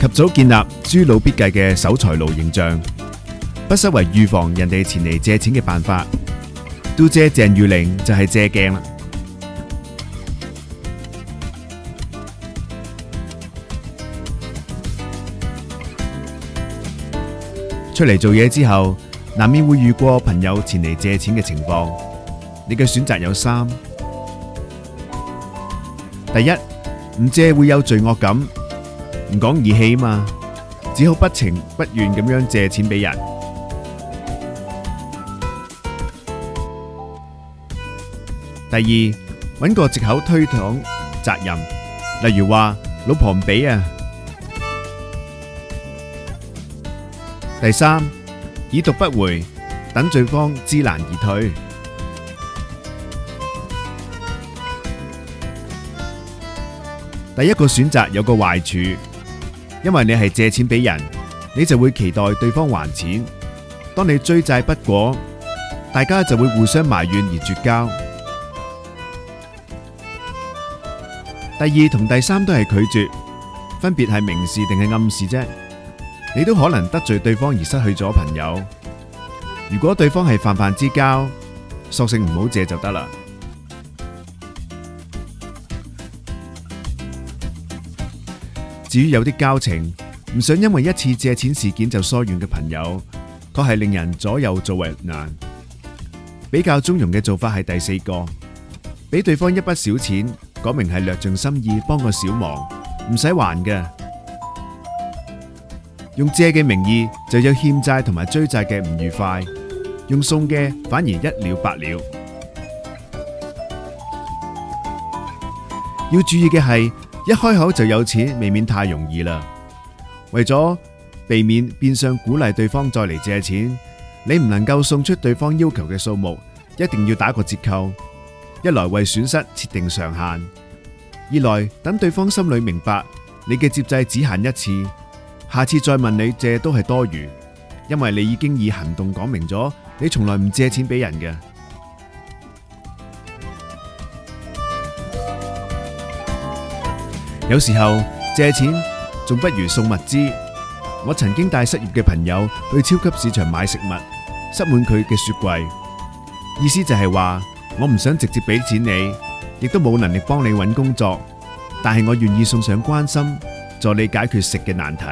及早建立錙銖必計嘅守財奴形象，不失為預防人哋前嚟借錢嘅辦法。Do 姐鄭裕玲就係借鏡啦。出嚟做嘢之後，難免會遇過朋友前嚟借錢嘅情況，你嘅選擇有三：第一，唔借會有罪惡感。唔講義氣啊嘛，只好不情不願咁樣借錢俾人。第二，揾個借口推搪責任，例如話老婆唔俾啊。第三，已讀不回，等對方知難而退。第一個選擇有個壞處。因為你係借錢俾人，你就會期待對方還錢。當你追債不果，大家就會互相埋怨而絕交。第二同第三都係拒絕，分別係明示定係暗示啫。你都可能得罪對方而失去咗朋友。如果對方係泛泛之交，索性唔好借就得啦。至於有啲交情，唔想因為一次借錢事件就疏遠嘅朋友，確係令人左右作為難。比較中庸嘅做法係第四個，俾對方一筆小錢，講明係略盡心意，幫個小忙，唔使還嘅。用借嘅名義就有欠債同埋追債嘅唔愉快，用送嘅反而一了百了。要注意嘅係。一開口就有錢，未免太容易啦。為咗避免變相鼓勵對方再嚟借錢，你唔能夠送出對方要求嘅數目，一定要打個折扣。一來為損失設定上限，二來等對方心裏明白，你嘅接濟只限一次，下次再問你借都係多餘，因為你已經以行動講明咗，你從來唔借錢俾人嘅。有時候借錢仲不如送物資。我曾經帶失業嘅朋友去超級市場買食物，塞滿佢嘅雪櫃。意思就係話，我唔想直接俾錢你，亦都冇能力幫你揾工作，但係我願意送上關心，助你解決食嘅難題。